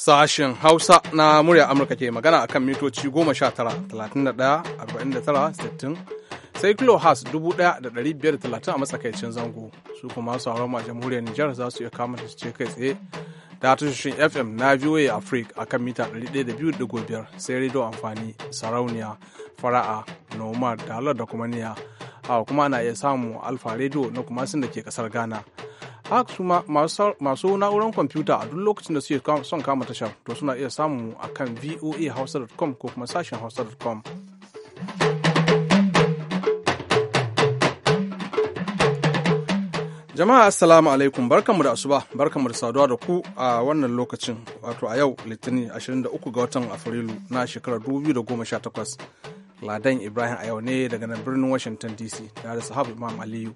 Sashen Hausa na murya Amurka ke magana a kan mitoci 19-31-49-60 sai kilohas 1,530 a matsakaicin zango su kuma sauran a jamhuriyar Nijar za su iya kama su ce kai tsaye da tashoshin FM na VOA Africa a kan mita 102.5 sai rido amfani sarauniya fara'a nomad dalar da kuma niya haka kuma ana iya samu alfa radio na kuma sun da ke kasar ghana haka su masu na'urar kwamfuta a duk lokacin da suke son kama tashar to suna iya samu a kan voahausa.com ko kuma sashen hausa.com jama'a assalamu alaikum barkanmu da asuba barkanmu da saduwa da ku a wannan lokacin wato a yau litinin 23 ga watan afrilu na shekarar 2018 Ladan Ibrahim a yau ne daga nan birnin Washington DC da da sahabu Imam Aliyu.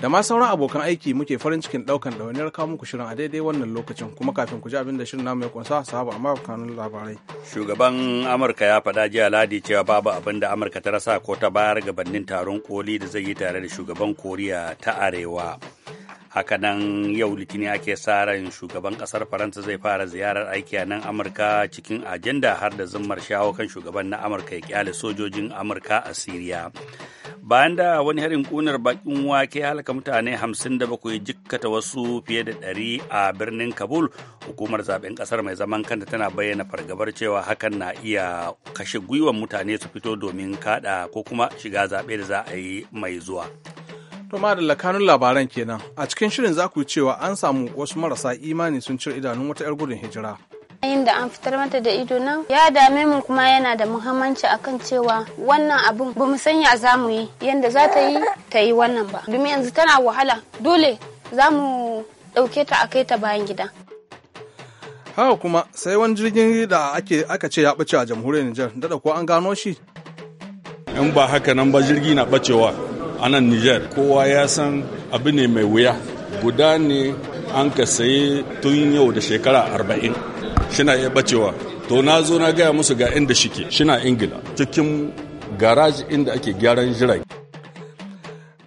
Da ma sauran abokan aiki muke farin cikin daukan ɗawainiyar kawo muku shirin a daidai wannan lokacin kuma kafin ku ji abin da shirin namu ya kunsa sahabu amma kanun labarai. Shugaban Amurka ya faɗa jiya Ladi cewa babu abin da Amurka ta rasa ko ta bayar gabanin taron koli da zai yi tare da shugaban Koriya ta Arewa. haka nan yau litinin ake sa ran shugaban kasar faransa zai fara ziyarar aiki a nan amurka cikin ajenda har da zummar shawo kan shugaban na amurka ya kyale sojojin amurka a siriya bayan da wani harin kunar bakin wake halaka mutane 57 jikkata wasu fiye da 100 a birnin kabul hukumar zaben kasar mai zaman kanta tana bayyana fargabar cewa hakan na iya kashe gwiwan mutane su fito domin kada ko kuma shiga zaɓe da za a yi mai zuwa To da kanun labaran kenan a cikin shirin za ku cewa an samu wasu marasa imani sun cire idanun wata 'yar gudun hijira. yayin da an fitar mata da ido nan ya dame mu kuma yana da muhimmanci akan cewa wannan abun ba mu sanya za mu yi yanda za ta yi ta yi wannan ba domin yanzu tana wahala dole za mu ɗauke ta a kai ta bayan gida haka kuma sai wani jirgin da aka ce ya ɓace a jamhuriyar nijar dada ko an gano shi in ba haka nan ba jirgi na ɓacewa a nan Nijar kowa ya san abu ne mai wuya guda ne an ka saye tun yau da shekara arba'in shina iya bacewa to na zo na gaya musu ga inda shike shina ingila cikin garaji inda ake gyaran jirage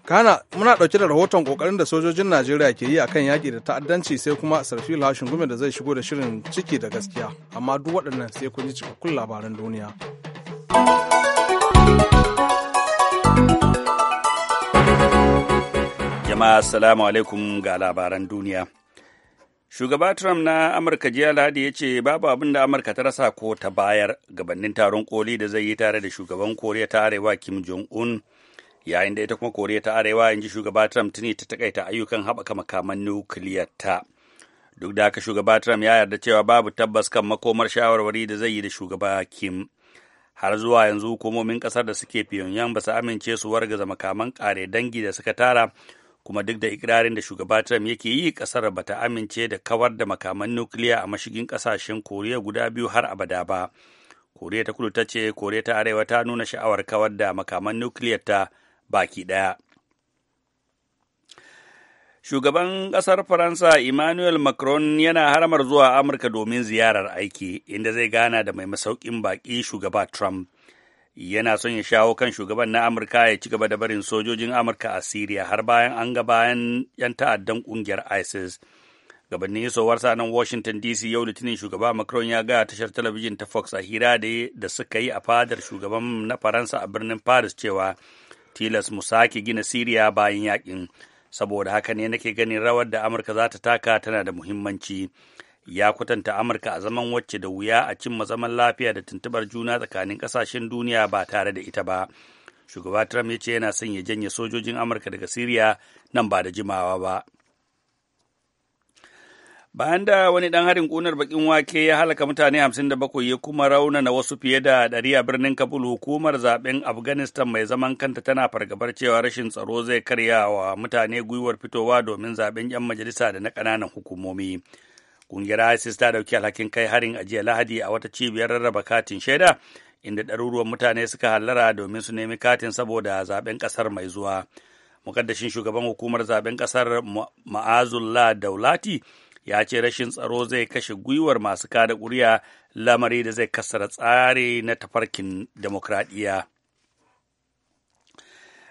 kana muna ɗauke da rahoton ƙoƙarin da sojojin najeriya ke yi akan yaƙi da ta'addanci sai kuma sarfi lashin gume da zai shigo da shirin ciki da gaskiya amma duk waɗannan sai kun ji cikakkun labaran duniya Jama'a salamu alaikum ga labaran duniya. Shugaba Trump na Amurka jiya ladi ya ce babu abin da Amurka ta rasa ko ta bayar gabanin taron koli da zai yi tare da shugaban Koriya ta Arewa Kim Jong-un yayin da ita kuma Koriya ta Arewa yanzu shugaba Trump tuni ta takaita ayyukan haɓaka makaman nukiliyar ta. Duk da haka shugaba Trump ya yarda cewa babu tabbas kan makomar shawarwari da zai yi da shugaba Kim. har zuwa yanzu hukumomin ƙasar da suke Pyongyang ba su amince su wargaza makaman kare dangi da suka tara kuma duk da ikirarin da shugaba Trump yake yi kasar ba ta amince da kawar da makaman nukiliya a mashigin kasashen Koriya guda biyu har abada ba. Koriya ta kudu ta ce Koriya ta arewa ta nuna sha'awar kawar da makaman nukiliya ta baki ɗaya. Shugaban ƙasar Faransa Emmanuel Macron yana haramar zuwa Amurka domin ziyarar aiki, inda zai gana da mai masaukin baƙi shugaba Trump. yana son ya shawo kan shugaban na amurka ya ci gaba da barin sojojin amurka a siriya har bayan an ga bayan 'yan ta'addan kungiyar isis gabanin isowarsa nan washington dc yau litinin shugaba macron ya gaya tashar talabijin ta fox a hira da suka yi a fadar shugaban na faransa a birnin paris cewa tilas mu sake gina siriya bayan yakin saboda haka ne nake ganin rawar da amurka za ta taka tana da muhimmanci ya kwatanta amurka a zaman wacce da wuya a cimma zaman lafiya da tuntubar juna tsakanin kasashen duniya ba tare da ita ba shugaba trump ya ce yana son ya janye sojojin amurka daga siriya nan ba da jimawa ba bayan da wani dan harin kunar bakin wake ya halaka mutane 57 ya kuma rauna na wasu fiye da 100 a birnin kabul hukumar zaben afghanistan mai zaman kanta tana fargabar cewa rashin tsaro zai karya wa mutane gwiwar fitowa domin zaben 'yan majalisa da na kananan hukumomi Ƙungiyar ISIS ta dauki alhakin kai harin a Lahadi a wata cibiyar rarraba katin shaida inda ɗaruruwan mutane suka hallara domin su nemi katin saboda zaben ƙasar mai zuwa. Mukaddashin shugaban hukumar zaben ƙasar Ma'azullah Daulati ya ce rashin tsaro zai kashe gwiwar masu kada ƙuri'a lamari da zai kassara tsari na tafarkin demokradiyya.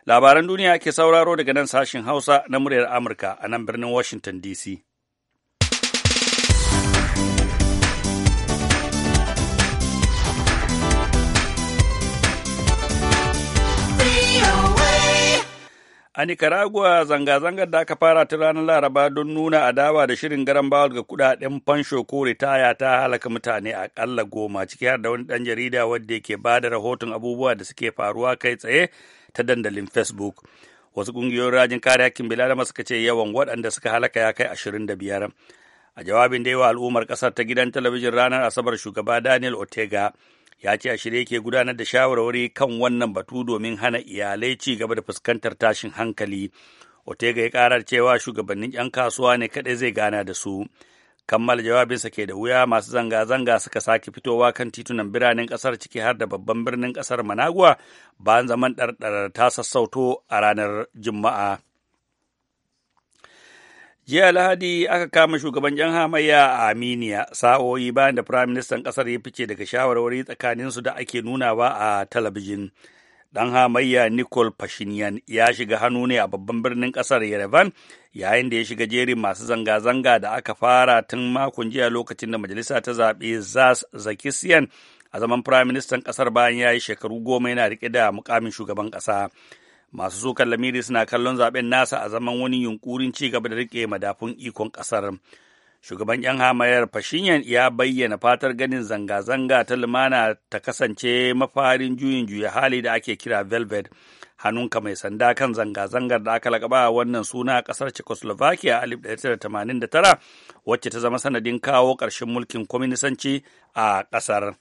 Labaran duniya ke sauraro daga nan sashin Hausa na muryar Amurka a nan birnin Washington DC. A Nicaragua zanga-zangar da aka fara ta ranar Laraba don nuna adawa da shirin garan bawa ga kudaden fansho ko ritaya ta halaka mutane a ƙalla goma ciki har da wani dan jarida wadda ke ba da rahoton abubuwa da suke faruwa kai tsaye ta dandalin Facebook. Wasu ƙungiyoyin rajin kare hakkin bil'adama suka ce yawan waɗanda suka halaka ya kai ashirin da biyar. A jawabin da yawa al'ummar ƙasar ta gidan talabijin ranar Asabar shugaba Daniel Otega. ya ce a shirye yake gudanar da shawarwari kan wannan batu domin hana iyalai ci gaba da fuskantar tashin hankali otega ya karar cewa shugabannin 'yan kasuwa ne kaɗai zai gana da su kammal jawabinsa ke da wuya masu zanga-zanga suka sake fitowa kan titunan biranen ƙasar ciki har da babban birnin ƙasar managua bayan zaman ɗarɗar ta sassauto a ranar juma'a Jiya Lahadi aka kama shugaban ‘yan hamayya a Aminiya, sa'o'i bayan da Firaministan ƙasar ya fice daga shawarwari tsakanin su da ake nunawa a talabijin. Ɗan hamayya Nicol Pashinyan ya shiga hannu ne a babban birnin ƙasar Yerevan yayin da ya shiga jerin masu zanga-zanga da aka fara tun makon jiya lokacin da majalisa ta zaɓe Zas Zakisiyan a zaman Firaministan ƙasar bayan ya yi shekaru goma yana riƙe da mukamin shugaban ƙasa. masu sukan lamiri suna kallon zaben nasa a zaman wani yunkurin ci gaba da rike madafun ikon kasar shugaban yan hamayar fashinyan ya bayyana fatar ganin zanga-zanga ta lumana ta kasance mafarin juyin juya hali da ake kira velvet hannunka mai sanda kan zanga-zangar da aka lakaba wannan suna a kasar czechoslovakia a 1989 wacce ta zama sanadin kawo ƙarshen mulkin kwaminisanci a ƙasar.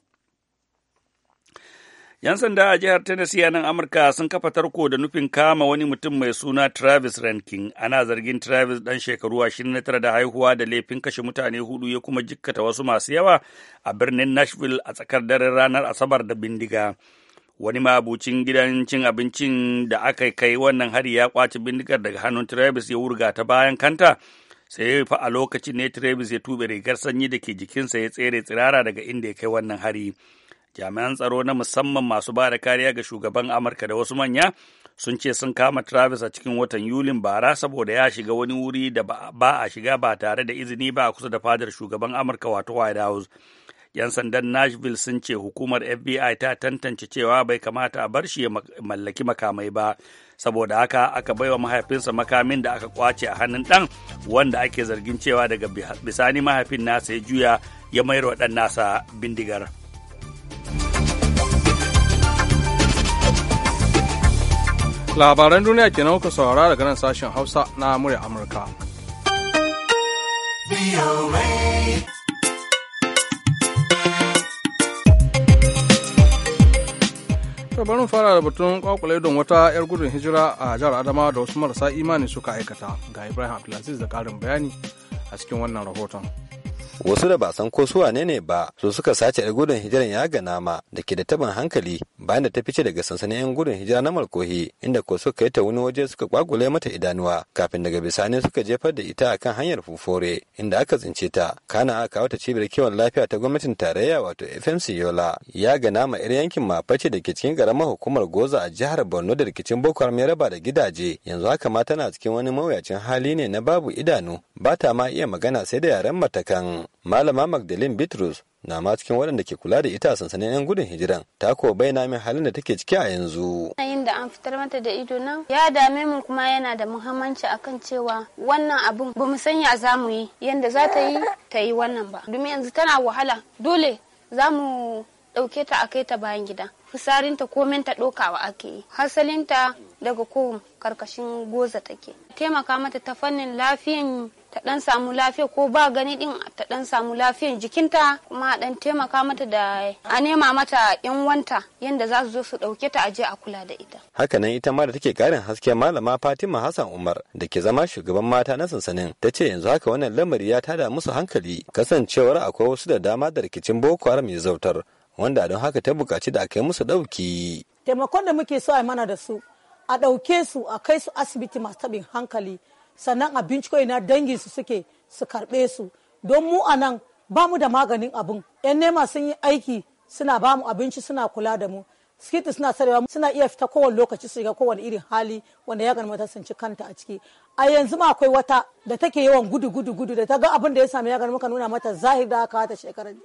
'Yan sanda a jihar Tennessee nan Amurka sun kafa tarko da nufin kama wani mutum mai suna Travis Rankin. Ana zargin Travis ɗan shekaru 29 da haihuwa da laifin kashe mutane hudu ya kuma jikkata wasu masu yawa a birnin Nashville a tsakar daren ranar Asabar da bindiga. Wani mabucin gidan cin abincin da aka kai wannan hari ya kwaci bindigar daga hannun Travis ya wurga ta bayan kanta. Sai ya fa a lokacin ne Travis ya tube rigar sanyi da ke jikinsa ya tsere tsirara daga inda ya kai wannan hari. jami'an tsaro na musamman masu ba da kariya ga shugaban amurka da wasu manya sun ce sun kama travis a cikin watan yulin bara saboda ya shiga wani wuri da ba a shiga ba tare da izini ba a kusa da fadar shugaban amurka wato white house yan sandan nashville sun ce hukumar fbi ta tantance cewa bai kamata a bar shi ya mallaki makamai ba saboda haka aka baiwa mahaifinsa makamin da aka kwace a hannun dan wanda ake zargin cewa daga bisani mahaifin nasa ya juya ya mayar wa nasa bindigar. labaran duniya ke kenan kuka saurara daga nan sashen hausa na murya amurka bari fara da batun kwakwale don wata 'yar gudun hijira a jihar adama da wasu marasa imani suka aikata ga ibrahim abdulaziz da karin bayani a cikin wannan rahoton wasu da ba san ko su wane ne ba su suka sace da gudun hijiran ya ga nama da ke da taban hankali bayan da ta fice daga sansanin yan gudun hijira na malkohi inda ko suka yi ta wani waje suka kwakule mata idanuwa kafin daga bisani suka jefar da ita akan hanyar fufore inda aka tsince ta kana aka kawo ta cibiyar kiwon lafiya ta gwamnatin tarayya wato FMC Yola ya ga nama yar yankin maface da ke cikin garamar hukumar Goza a jihar Borno da rikicin Boko Haram ya raba da gidaje yanzu haka ma tana cikin wani mawuyacin hali ne na babu idanu ba ta ma iya magana sai da yaren matakan malama magdalene bitrus na ma cikin waɗanda ke kula da ita a sansanin 'yan gudun hijiran ta ko bayyana min halin da take ciki a yanzu yanayin da an fitar mata da ido nan ya dame mu kuma yana da muhimmanci akan cewa wannan abun ba mu sanya za mu yi yadda za ta yi ta yi wannan ba domin yanzu tana wahala dole za mu ɗauke ta a kai ta bayan gida fisarinta komen ta ɗokawa ake yi hasalinta daga ko karkashin goza take taimaka mata ta fannin lafiyan ta dan samu lafiya ko ba gani din ta dan samu lafiyan jikinta kuma dan taimaka mata da a nema mata yan wanta yanda za su zo su dauke ta aje a kula da ita haka nan ita ma da take karin haske malama Fatima Hassan Umar da ke zama shugaban mata na sansanin ta ce yanzu haka wannan lamari ya tada musu hankali kasancewar akwai wasu da dama da rikicin Boko Haram ya zautar wanda don haka ta bukaci da a kai musu dauki taimakon da muke so a mana da su a ɗauke su a kai su asibiti masu tabin hankali sannan a binciko ina dangin su suke su karɓe su don mu a nan ba mu da maganin abin yan nema sun yi aiki suna ba mu abinci suna kula da mu skiti suna sarewa suna iya fita kowane lokaci su ga kowane irin hali wanda ya ganmata sun ci kanta a ciki a yanzu ma akwai wata da take yawan gudu gudu gudu da ta ga abin da ya sami ya muka nuna mata zahir da aka ta shekarar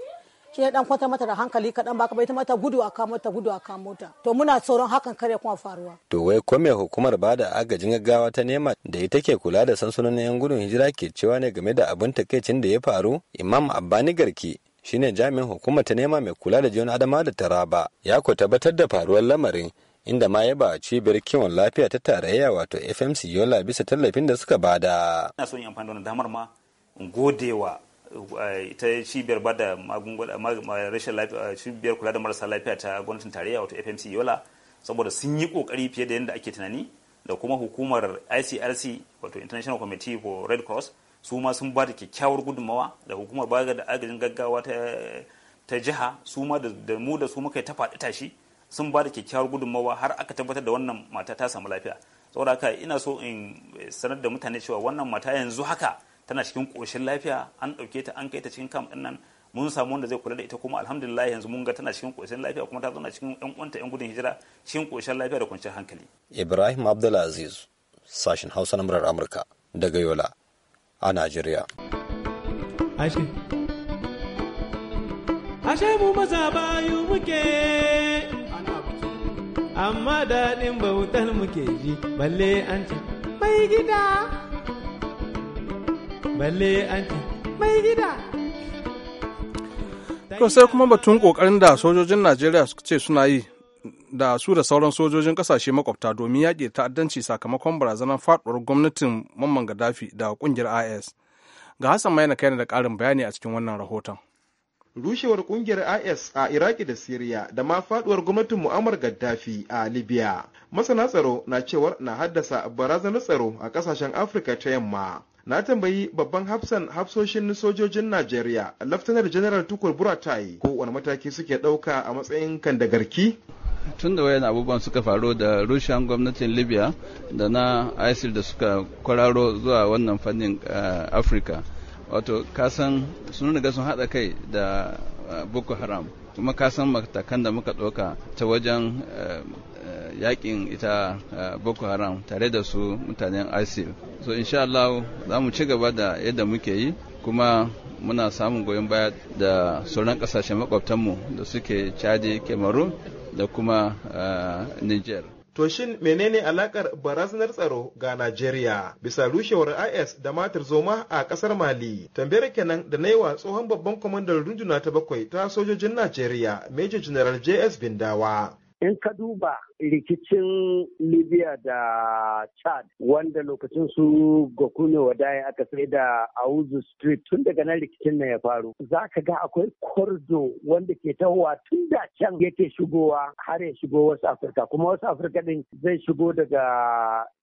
shi ya dan kwanta mata da hankali kaɗan baka bai ta mata gudu a kamo ta gudu a kamo ta to muna tsoron hakan kare kuma faruwa. to wai ko me hukumar ba da agajin gaggawa ta nema da ita ke kula da sansanonin yan gudun hijira ke cewa ne game da abin takaicin da ya faru imam abbani garki shine jami'in hukumar ta nema mai kula da jiyon adama da taraba ya ko tabbatar da faruwar lamarin inda ma ya ba cibiyar kiwon lafiya ta tarayya wato fmc yola bisa tallafin da suka bada. ina son yi amfani da wani damar ma in gode wa Eh, ita cibiyar ba da rashin lafiya eh, cibiyar kula da marasa lafiya ta gwamnatin tarayya wato fmc yola saboda sun yi kokari fiye da yadda ake tunani da kuma hukumar icrc wato international committee for red cross su ma sun ba da kyakkyawar gudunmawa da hukumar ba da agajin gaggawa ta jiha su ma da mu da su muka ta faɗi tashi sun ba da kyakkyawar gudunmawa har aka tabbatar da wannan mata ta samu lafiya saboda haka ina so in eh, sanar da mutane cewa wannan mata yanzu haka tana cikin koshin lafiya an ɗauke ta an kai ta cikin kam ɗin nan mun samu wanda zai kula da ita kuma alhamdulillah yanzu mun ga tana cikin ƙoshin lafiya kuma ta zauna cikin yan uwanta ƴan gudun hijira cikin ƙoshin lafiya da kwanciyar hankali. Ibrahim Abdulaziz sashin Hausa na murar Amurka daga Yola a Najeriya. Ashe. Ashe mu maza bayu muke. Amma daɗin bautar muke ji balle an ce. Bai gida balle sai kuma batun kokarin da sojojin najeriya suka ce suna yi da su da sauran sojojin kasashe makwabta domin yaƙi ta'addanci sakamakon barazanar faɗuwar gwamnatin mamman gaddafi da ƙungiyar is ga hassan mai na kai da ƙarin bayani a cikin wannan rahoton rushewar kungiyar is a iraki da siriya da ma faduwar gwamnatin mu'ammar gaddafi a libya masana tsaro na cewar na haddasa barazanar tsaro a kasashen afirka ta yamma na tambayi babban hafsan hafsoshin sojojin najeriya laftanar General tukur buratai ko wani mataki suke ɗauka a matsayin kandagarki tun da wayan abubuwan suka faru da rushen gwamnatin libya da na isil da suka kwararo zuwa wannan fannin eh, afirka wato kasan sun riga sun haɗa kai da eh, boko haram kuma kasan matakan da muka ɗauka ta wajen eh, eh, yakin ita boko haram tare da su mutanen isil so insha Allah za mu ci gaba da yadda muke yi kuma muna samun goyon baya da sauran kasashen makwabtanmu da suke chadi cameroon da kuma niger To shin menene alakar barazanar tsaro ga Najeriya bisa rushewar IS da matar zoma a kasar Mali? Tambayar kenan da na yi wa tsohon babban kwamandan runduna ta bakwai ta sojojin Najeriya, Major General JS Bindawa. In ka duba rikicin libya da chad wanda lokacin su gokune wadaye aka sai da auzu street tun daga nan rikicin nan ya faru za ka ga akwai kordo wanda ke tahowa tun da can yake shigowa har ya shigo wasu afirka kuma wasu afirka din zai shigo daga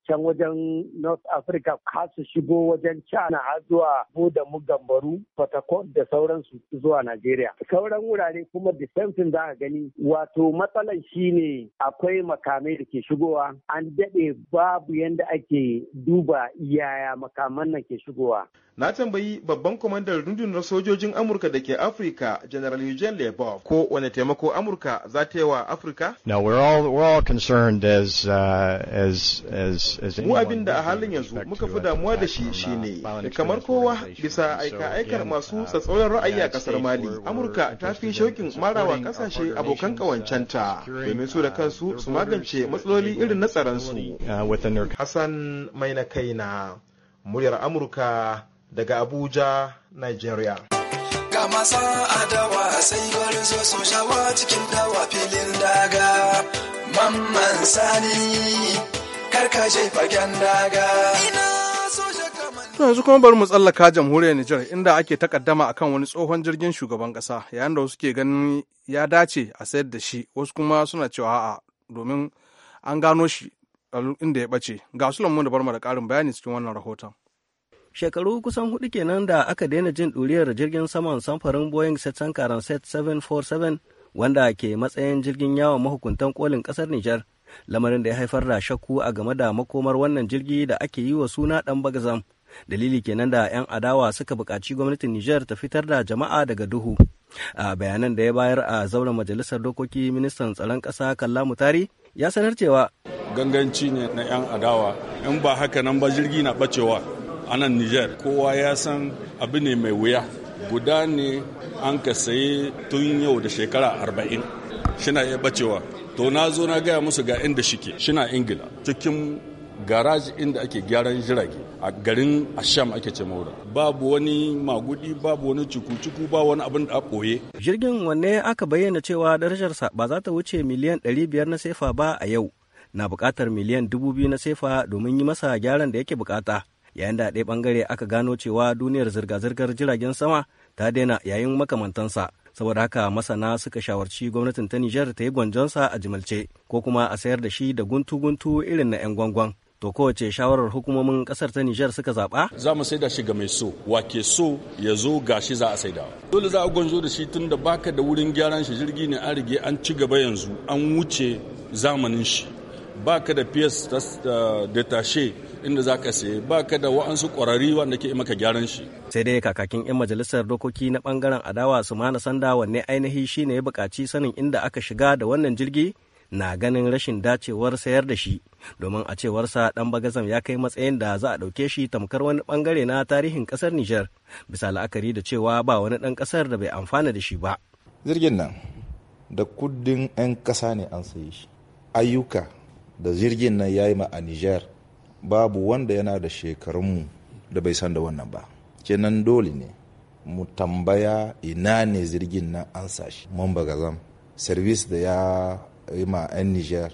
can wajen North Africa har su shigo wajen China har zuwa Buda mu gambaru, Fatakot da sauransu zuwa Najeriya. Sauran wurare kuma distancing za a gani wato matsalan shine akwai makamai da ke shigowa an daɗe babu yadda ake duba yaya makaman nan ke shigowa. Na tambayi babban kwamandan rundunar sojojin Amurka da ke Afirka, General Eugene Lebov, ko wane taimako Amurka za ta yi wa Afirka? No, we're all, we're all concerned as, uh, as, as, as Mu abin da a halin yanzu muka fi damuwa da shi uh, shine, kamar kowa bisa aika-aikar masu uh, tsatsauran ra'ayi a ƙasar Mali, Amurka ta fi shaukin marawa kasashe uh, abokan ƙawancenta, domin su da kansu su magance matsaloli irin na tsaransu. Uh, Hassan mai na kai na muryar Amurka daga Abuja, Nigeria. Ga masa adawa sai su shawa cikin dawa filin daga. Mamman sani karkashe fagen daga. yanzu kuma bari mu tsallaka jamhuriyar Nijar inda ake takaddama akan wani tsohon jirgin shugaban kasa yayin da wasu ke ganin ya dace a sayar da shi wasu kuma suna cewa a. domin an gano shi inda ya ɓace ga su lamu da barma da ƙarin bayani cikin wannan rahoton shekaru kusan hudu kenan da aka daina jin ɗuriyar jirgin saman samfarin boeing setsan karan 747 wanda ke matsayin jirgin yawon mahukuntan kolin ƙasar nijar lamarin da ya haifar da shakku a game da makomar wannan jirgi da ake yi wa suna ɗan bagazam dalili kenan da 'yan adawa suka buƙaci gwamnatin nijar ta fitar da jama'a daga duhu a bayanan da ya bayar a zauren majalisar dokoki ministan tsaron ƙasa kalla mutari ya sanar cewa ganganci ne na 'yan adawa in ba haka nan ba jirgi na bacewa a nan niger kowa ya san abu ne mai wuya guda ne an ka saye tun yau da shekara arba'in shina iya bacewa to na zo na gaya musu ga inda shike shina ingila cikin garaji inda ake gyaran jirage a garin asham ake ce maura babu wani magudi babu wani cuku-cuku ba wani abin da a ɓoye jirgin wanne aka bayyana cewa darajarsa ba za ta wuce miliyan 500 na sefa ba a yau na bukatar miliyan 2000 na sefa domin yi masa gyaran da yake bukata yayin da ɗaya ɓangare aka gano cewa duniyar zirga-zirgar jiragen sama ta daina yayin makamantansa saboda haka masana suka shawarci gwamnatin ta Nijar ta yi gwanjonsa a jimalce ko kuma a sayar da shi da guntu-guntu irin na 'yan gwangwan. To kowace shawarar hukumomin kasar ta Nijar suka zaɓa? Za mu saida shi ga mai so, wake so ya zo gashi za a saida. Dole za a gwanzo da shi tun da baka da wurin gyaran shi jirgi ne an rige an ci gaba yanzu an wuce zamanin shi. Baka da PS detashe inda za ka saye baka da wa'ansu ƙwararri wanda ke maka gyaran shi. Sai dai kakakin 'yan majalisar dokoki na bangaren adawa su mana sanda wanne ainihi shine ya buƙaci sanin inda aka shiga da wannan jirgi na ganin rashin dacewar sayar da shi domin a cewarsa dan bagazam ya kai matsayin da za a ɗauke shi tamkar wani bangare na tarihin ƙasar Nijar bisa la'akari da cewa ba wani ɗan ƙasar da bai amfana da shi ba. zirgin nan da kudin 'yan ƙasa ne an sayi shi. Ayyuka da jirgin nan ya yi ma a Nijar babu wanda yana da shekarunmu da bai san da wannan ba. Kenan dole ne mu tambaya ina ne zirgin nan an sashi. Mun bagazam. Service da ya yi ma 'yan niger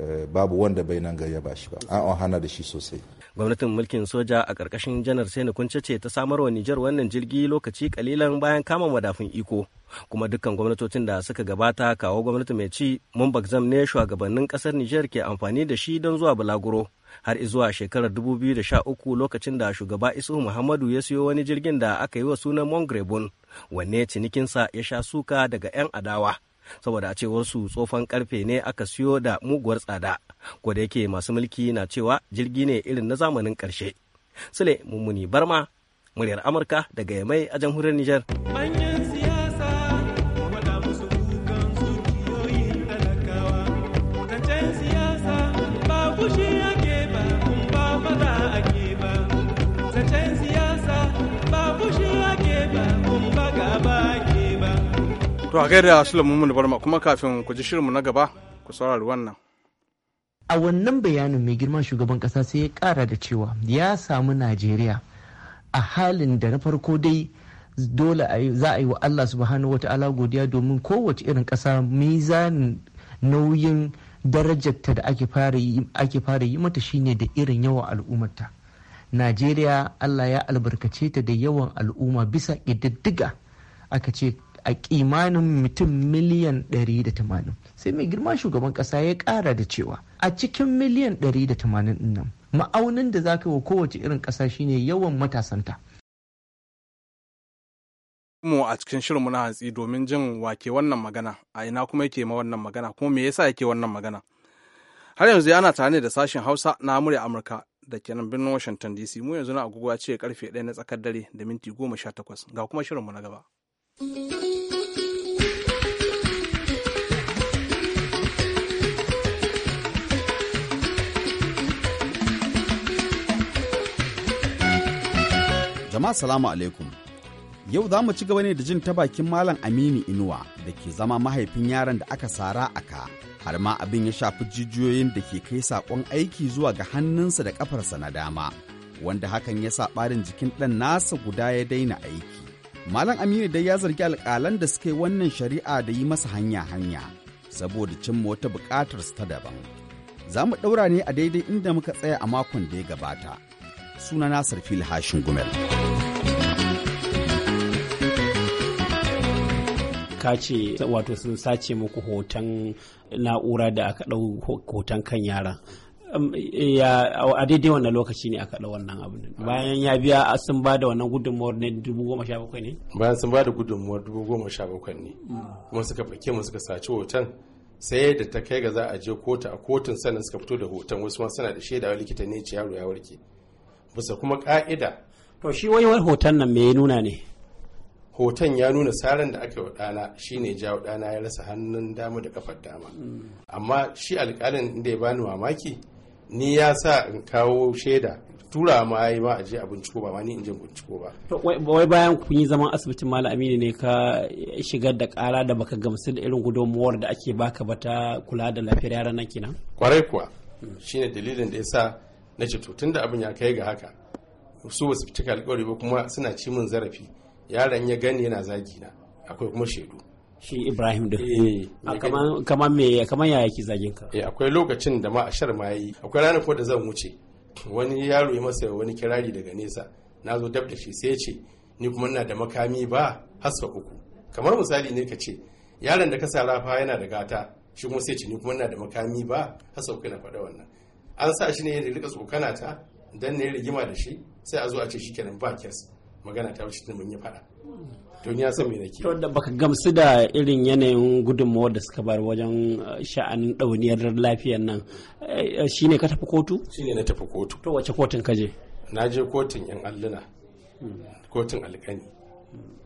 eh, babu wanda bai nan gaya ba shi ba an hana da shi sosai gwamnatin mulkin soja a ƙarƙashin janar sai kunce ce ta samar wa nijar wannan jirgi lokaci kalilan bayan kama madafin iko kuma dukkan gwamnatocin da suka gabata kawo gwamnati mai ci mun ne shugabannin ƙasar nijar ke amfani da shi don zuwa bulaguro har zuwa shekarar 2013 lokacin da shugaba isu muhammadu ya siyo wani jirgin da aka yi wa sunan mongrebon wanne cinikinsa ya sha suka daga 'yan adawa saboda a cewar su tsofan karfe ne aka siyo da muguwar tsada ko da yake masu mulki na cewa jirgi ne irin na zamanin karshe sule mummuni barma muryar amurka daga yamai a jamhuriyar nijar. To a gaida da Barma kuma kafin ku ji shirinmu na gaba ku saurari wannan. A wannan bayanin mai girman shugaban kasa sai ya kara da cewa ya samu Najeriya a halin da na farko dai dole za a yi wa Allah subhanahu wa ta'ala godiya domin kowace irin kasa mizanin nauyin darajarta da ake fara yi mata shine da irin yawan al'ummarta. Najeriya Allah ya albarkace ta da yawan al'umma bisa ƙididdiga aka ce a kimanin mutum miliyan 180 sai mai girma shugaban kasa ya kara da cewa a cikin miliyan 180 nan ma'aunin da za ka wa kowace irin kasa shine yawan matasanta mu a cikin shirinmu na hantsi domin jin wake wannan magana a ina kuma yake ma wannan magana kuma me yasa yake wannan magana har yanzu ana tare da sashen hausa na murya amurka da ke nan birnin washington dc mu yanzu na agogo ya ce karfe 1 na tsakar dare da minti 18 ga kuma shirinmu na gaba. Jama salamu alaikum. Yau za mu ci gaba ne da jin ta bakin Malam Aminu Inuwa da ke zama mahaifin yaran da aka sara a ka, har ma abin ya shafi jijiyoyin da ke kai saƙon aiki zuwa ga hannunsa da ƙafarsa na dama, wanda hakan ya sa ɓarin jikin ɗan nasa guda ya daina aiki. Malam Aminu dai ya zargi alƙalan da suka yi wannan shari'a da yi masa hanya-hanya, saboda cimma wata su ta daban. Za mu ɗaura ne a daidai inda muka tsaya a makon da ya gabata. Sunana Sarfil Hashin Gumel. ka ce wato sun sace muku hoton na'ura da aka ɗau hoton kan yara. ya a daidai wannan lokaci ne aka ɗau wannan abin bayan ya biya sun ba da wannan gudunmuwar ne dubu goma sha bakwai ne bayan sun ba da gudunmuwar dubu goma sha bakwai ne kuma suka fake mu suka saci hoton sai da ta kai ga za a je kotu a kotun sannan suka fito da hoton wasu ma suna da shaida likita ne ce yaro ya warke bisa kuma ka'ida to shi wani hoton nan me ya nuna ne hoton ya nuna saran da aka yi wa ɗana shine jawo ɗana ya rasa hannun dama da kafar dama amma shi alƙalin da ya bani mamaki ni ya sa in kawo shaida tura ma yi ma aje a binciko ba ma ni in je binciko ba. Wai bayan kun yi zaman asibitin Malam Aminu ne ka shigar da ƙara da baka gamsu da irin gudunmuwar da ake baka ba ta kula da lafiyar yaran nan kenan. Kwarai kuwa shine dalilin da ya sa na ce to da abin ya kai ga haka su ba su cika alƙawari ba kuma suna ci min zarafi. yaron ya gani yana zagi na akwai kuma shaidu shi ibrahim da eh, kamar me kamar yaya ki zagin ka eh akwai lokacin da ma a shar ma yi. akwai ranar ko da zan wuce wani yaro ya masa wani kirari daga nesa na zo dab da shi sai ya ce ni kuma ina da makami ba hasfa uku kamar misali ne ka ce yaron da ka sa rafa yana da gata shi kuma sai ce ni kuma ina da makami ba hasfa uku na faɗa wannan an sa shi ne ya rika tsokana ta dan ne rigima da shi sai a zo a ce shikenan ba kes magana ta wuce mun yi fada tun ya san me nake to da baka gamsu da irin yanayin gudunmawar da suka bar wajen eh, sha'anin ɗauniyar lafiyar nan eh, shine ka tafi kotu shine na tafi kotu to wace kotun ka je na je kotun yan alluna hmm. kotun alƙani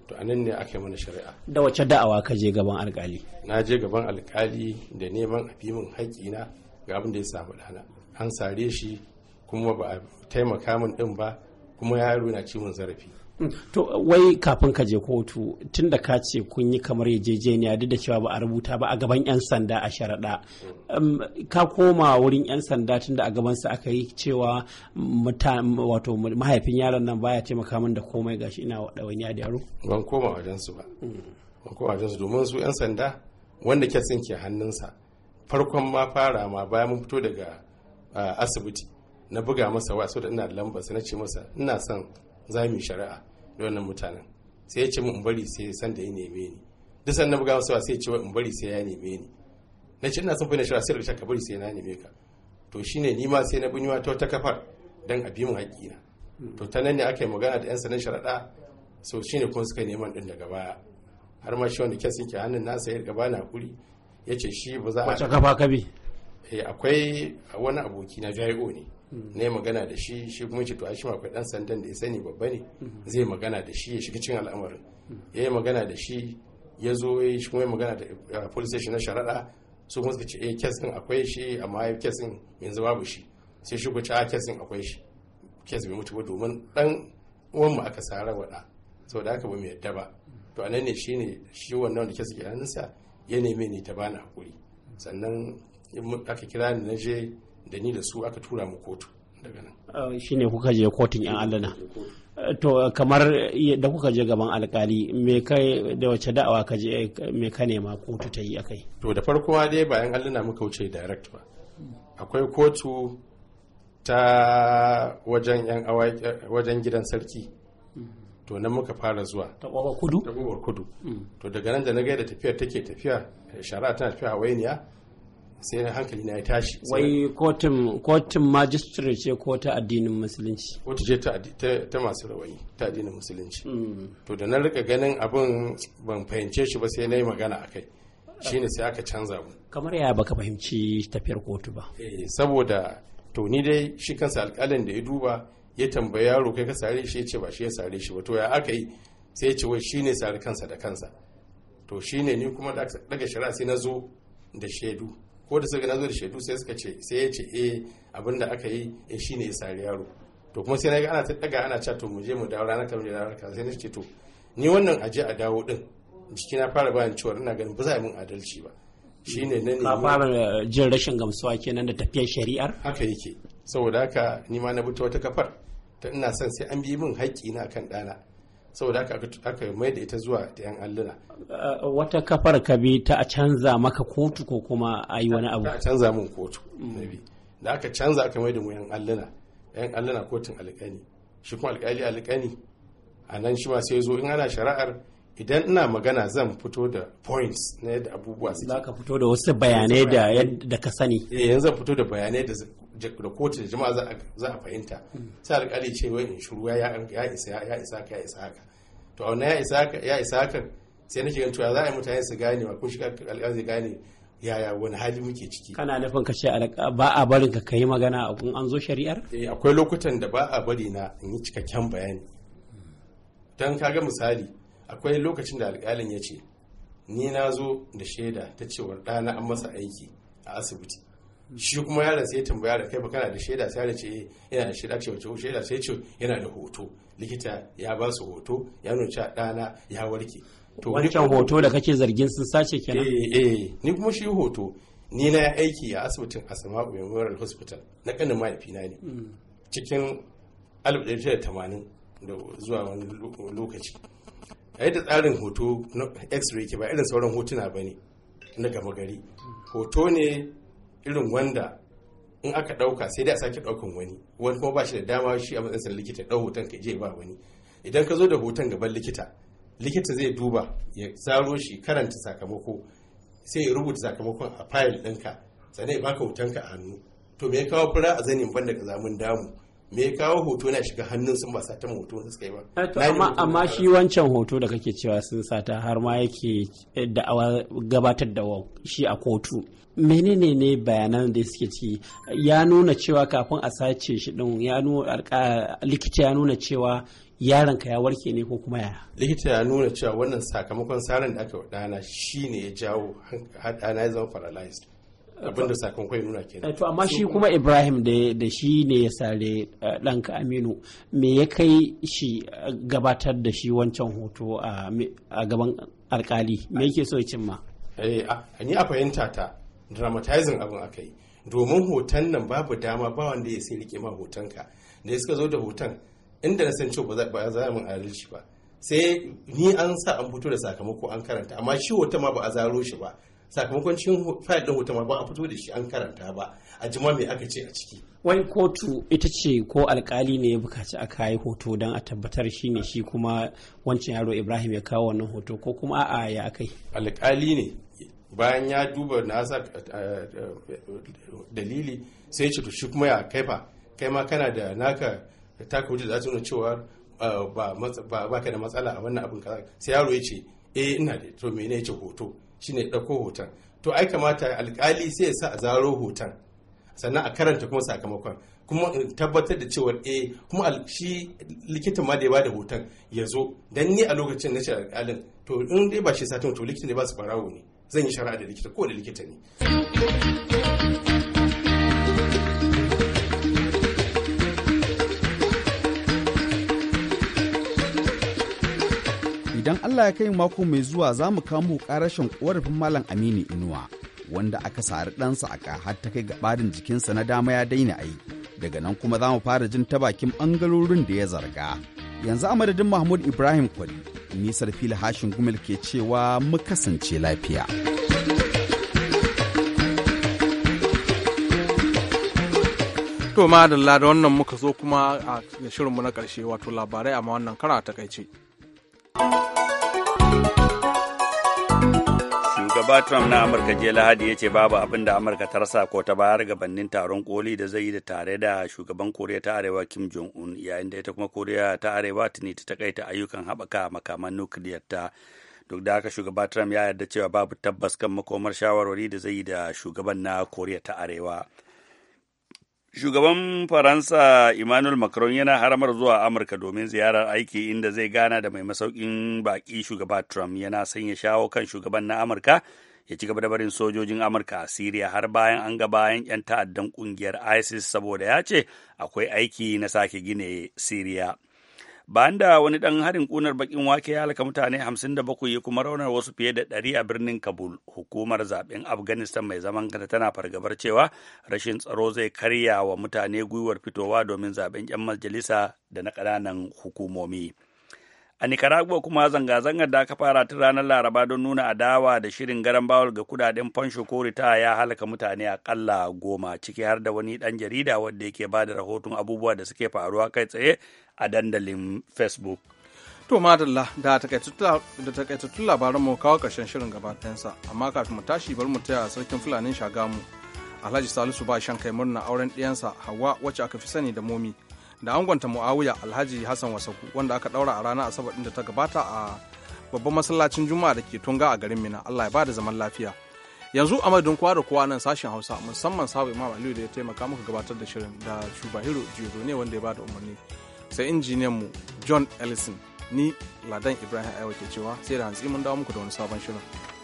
to a nan ne aka yi mana shari'a da wace da'awa ka je gaban alƙali na je gaban alƙali da neman a fi min haƙƙina ga abin da ya samu dana an sare shi kuma ba a taimaka min din ba kuma yaro na cimin zarafi to wai kafin ka je kotu tun da ka ce kun yi kamar ne duk da cewa ba a rubuta ba a gaban 'yan sanda a sharaɗa ka koma wurin 'yan sanda tun da a gaban sa aka yi cewa wato mahaifin yaron nan baya taimaka min da komai gashi ina ɗawainiya ya yaro ban koma wajen su ba ban koma wajen su domin su 'yan sanda wanda kesin ke hannunsa farkon ma fara ma bayan mun fito daga asibiti na buga masa wa saboda ina da sai na ce masa ina son za mu yi shari'a da wannan mutanen sai ya ce mu in bari sai san da ya neme ni duk san buga masa sai ya ce in bari sai ya neme ni na ce ina son fina shari'a sai da shaka bari sai na neme ka to shine ni ma sai na binyewa ta wata kafar dan a bi mu haƙƙina to ta nan ne aka yi magana da 'yan sanin shari'a so shine kuma suka neman din daga baya har ma shi wanda sun ke hannun nasa ya gaba na kuri ya ce shi ba za a wace gaba kabi eh, akwai wani aboki na jari'o ne ne magana da shi shi kuma ce to a shi akwai dan sandan da ya sani babba ne zai magana da shi ya shiga cikin al'amarin ya yi magana da shi ya zo ya shi kuma ya magana da eh, police station na sharaɗa su kuma suka ce eh kesin akwai shi amma ya kesin yanzu babu shi sai shi ku ce a ah, kesin akwai shi case bai mutu ba domin dan uwan mu aka sara wada saboda haka ba mu yadda ba to anan ne shine shi wannan da case ke hannunsa ya neme ni ta bani hakuri sannan aka kira ni na je da ni da su aka tura mu kotu daga nan ah, ne kuka je kotun yan allana to kamar da kuka je gaban alkali me kai da wace da'awa ka je me ka nema kotu ta yi akai to da farko dai bayan allana muka wuce direct ba akwai kotu ta wajen yan wajen gidan sarki to nan muka fara zuwa ta kudu ta kudu mm. to daga nan da na ga da tafiyar take tafiya Shara tana tafiya wainiya. sai na hankali na ya tashi wai kotun kotun magistrate ce ko ta addinin musulunci kotu ce ta masu rawani ta addinin musulunci hmm. to da na rika ganin abin ban fahimce shi ba sai na yi magana a kai shine sai aka canza mu kamar ya baka fahimci tafiyar kotu ba eh, saboda to ni dai shi kansa alƙalin da ya duba ya tambaya yaro kai ka sare shi ya ce ba shi ya sare shi ba to ya aka yi sai ya ce wai shine sare kansa da kansa to shine ni kuma daga shari'a sai na zo da shaidu ko da suka nazo da shaidu sai suka ce sai ya ce eh abin da aka yi eh shine ya sari yaro to kuma sai na ga ana ta daga ana cewa to mu je mu dawo ranar kamar da ranar kaza sai na ce to ni wannan aje a dawo din jiki na fara bayan cewa ina ganin ba za a min adalci ba shine na ne ka fara eh, jin rashin gamsuwa kenan da tafiyar shari'ar haka yake saboda haka ni ma na bi wata kafar ta ina son sai an bi min haƙƙi na kan ɗana saboda haka aka mai da ita zuwa ta yan allura uh, wata kafar ka bi ta a canza maka kotu ko kuma a yi wani abu ta canza mun kotu da aka canza aka mai da mu yan allura yan allura kotun alƙani shi kuma alƙali alƙani a nan shi ma sai zo in ana shari'ar idan ina magana zan fito da points na yadda abubuwa su za ka fito da wasu bayanai da yadda ka sani eh yanzu zan fito da bayanai da da kotu da jama'a za a fahimta sai alƙali ce wai in shuru ya isa ya isa ka ya isa haka to a ya ya isa hakan sai nake ganin cewa za a yi mutane su gane wa ko shiga alƙalin gane yaya wani hali muke ciki kana nufin ka ce ba a barin ka kai magana a kun an zo shari'ar eh akwai lokutan da ba a bari na in yi cikakken bayani dan kaga misali akwai lokacin da alƙalin ya ce ni na zo da shaida ta cewar ɗana an masa aiki a asibiti shi kuma yaron sai ya tambaya da kai ba kana da shaida sai ce yana eh, da shaida ce wace shaida sai ce yana da hoto likita ya ba su hoto ya nuna ɗana ya warke to wancan hoto da kake zargin sun sace kenan eh eh ni kuma shi hoto ni na aiki a asibitin Asma'u Memorial Hospital na kanin na ne hmm. cikin 1980 da zuwa wani lokaci yayin da tsarin hoto na x-ray ke ba irin sauran hotuna ba ne na gama gari hmm. hoto ne irin wanda in aka ɗauka sai dai a sake ɗaukan wani wani kuma ba shi da dama shi a matsayin likita ɗau hoton ka je ba wani idan ka zo da hoton gaban likita likita zai duba ya tsaro shi karanta sakamako sai ya rubuta sakamakon a fayil ɗinka sannan ya baka ka a hannu to me ya kawo fura a zanin banda ka zamun damu me ya kawo hoto na shiga hannun sun ba sata hoto suka yi ba eh, amma shi wancan hoto da kake cewa sun sata har ma yake eh, da'awa gabatar da shi a kotu menene ne bayanan da suke ci ya nuna cewa kafin a sace shi din ya nuna likita ya nuna cewa yaron ka ya warke ne ko kuma ya? likita ya nuna cewa wannan sakamakon sarin da aka wadana shine ya jawo na ya zama paralyzed abinda sakonkwai nuna ke eh, to amma shi kuma ibrahim da shi ne ya sare eh, ɗanka aminu me ya kai shi eh, gabatar da shi wancan hoto a gaban alkali me yake so ma? cimma ni a fahimta ta dramatizing abin aka yi domin hoton nan babu dama ba wanda ya sai rike ma hotonka da suka zo da hoton inda na san ba za a min adalci ba sai ni an sa an fito da sakamako an karanta amma shi hoton ma ba a zaro shi ba sakamakon cikin fayil ɗin hoton ba a fito da shi an karanta ba a jima mai aka ce a ciki wai kotu ita ce ko alkali ne ya bukaci a yi hoto don a tabbatar shi ne shi kuma wancan yaro ibrahim ya kawo wannan hoto ko kuma a ya aka yi alkali ne bayan ya duba nasa eh, eh, dalili sai ya ce to shi kuma ya kai kaifa kai ma kana da naka taka wuce za ta nuna cewa eh, ba ka da matsala a wannan abin kaza sai yaro ya ce eh ina da to mene ya ce hoto shine ɗauko hoton to ai kamata alkali sai ya sa a zaro hoton sannan a karanta kuma sakamakon kuma tabbatar da cewa eh kuma shi likita ma da ya bada hoton ya zo dan ni a lokacin na shi alƙalin to in dai ba shi satin to likita ne ba su barawo ne zan yi shara'a da likita ko da likita ne Allah ya kai mako mai zuwa za mu kamo karashin korafin Malam Aminu Inuwa wanda aka sari ɗansa a har ta kai gabarin jikinsa na dama ya daina ayi Daga nan kuma za mu fara jin ta bakin ɓangarorin da ya zarga. Yanzu a madadin Mahmud Ibrahim kwali nisar fili hashin gumel ke cewa mu kasance lafiya. To ma da wannan muka zo kuma a shirinmu na ƙarshe wato labarai amma wannan kara a takaice. shugaba trump na amurka jiya lahadi ya ce babu abin da amurka ta rasa ko ta bayar gabanin taron koli da zai yi da tare da shugaban koriya ta arewa kim jong un yayin da ita kuma koriya ta arewa tuni ta kaita ayyukan haɓaka makaman nukiliyar ta duk da haka shugaba trump ya yarda cewa babu tabbas kan makomar shawarwari da zai yi da shugaban na koriya ta arewa Shugaban Faransa Emmanuel Macron yana haramar zuwa Amurka domin ziyarar aiki inda zai gana da mai masaukin baƙi shugaba Trump yana sanya shawo kan shugaban na Amurka ya ci gaba da barin sojojin Amurka a syria har bayan an ga bayan 'yan ta'addan kungiyar ISIS saboda ya ce akwai aiki na sake gine syria. bayan da wani dan harin kunar bakin wake ya halaka mutane 57 ya kuma raunar wasu fiye da 100 a birnin kabul hukumar zaben afghanistan mai zaman kanta tana fargabar cewa rashin tsaro zai karya wa mutane gwiwar fitowa domin zaben 'yan majalisa da na ƙananan hukumomi. A Nicaragua kuma zanga-zangar da aka fara tun ranar Laraba don nuna adawa da shirin garan bawal ga kudaden fansho ko ritaya ya halaka mutane akalla goma ciki har da wani dan jarida wanda yake ba da rahoton abubuwa da suke faruwa kai tsaye a dandalin Facebook. To madalla da takaitattun labaran mu kawo kashin shirin sa amma kafin mu tashi bar mu taya sarkin Fulanin Shagamu Alhaji Salisu ba shan kai murna auren diyansa Hawwa wacce aka fi sani da Momi. da angonta muawiya alhaji hassan wasaku wanda aka daura a ranar asabar da ta gabata a babban masallacin juma'a da ke tunga a garin mina allah ya bada zaman lafiya yanzu a madadin kowa da kowa nan sashen hausa musamman sabu imam aliyu da ya taimaka muka gabatar da shirin da shubahiro jiro ne wanda ya bada umarni sai injiniyan mu john ellison ni ladan ibrahim aiwa ke cewa sai da hantsi mun dawo muku da wani sabon shirin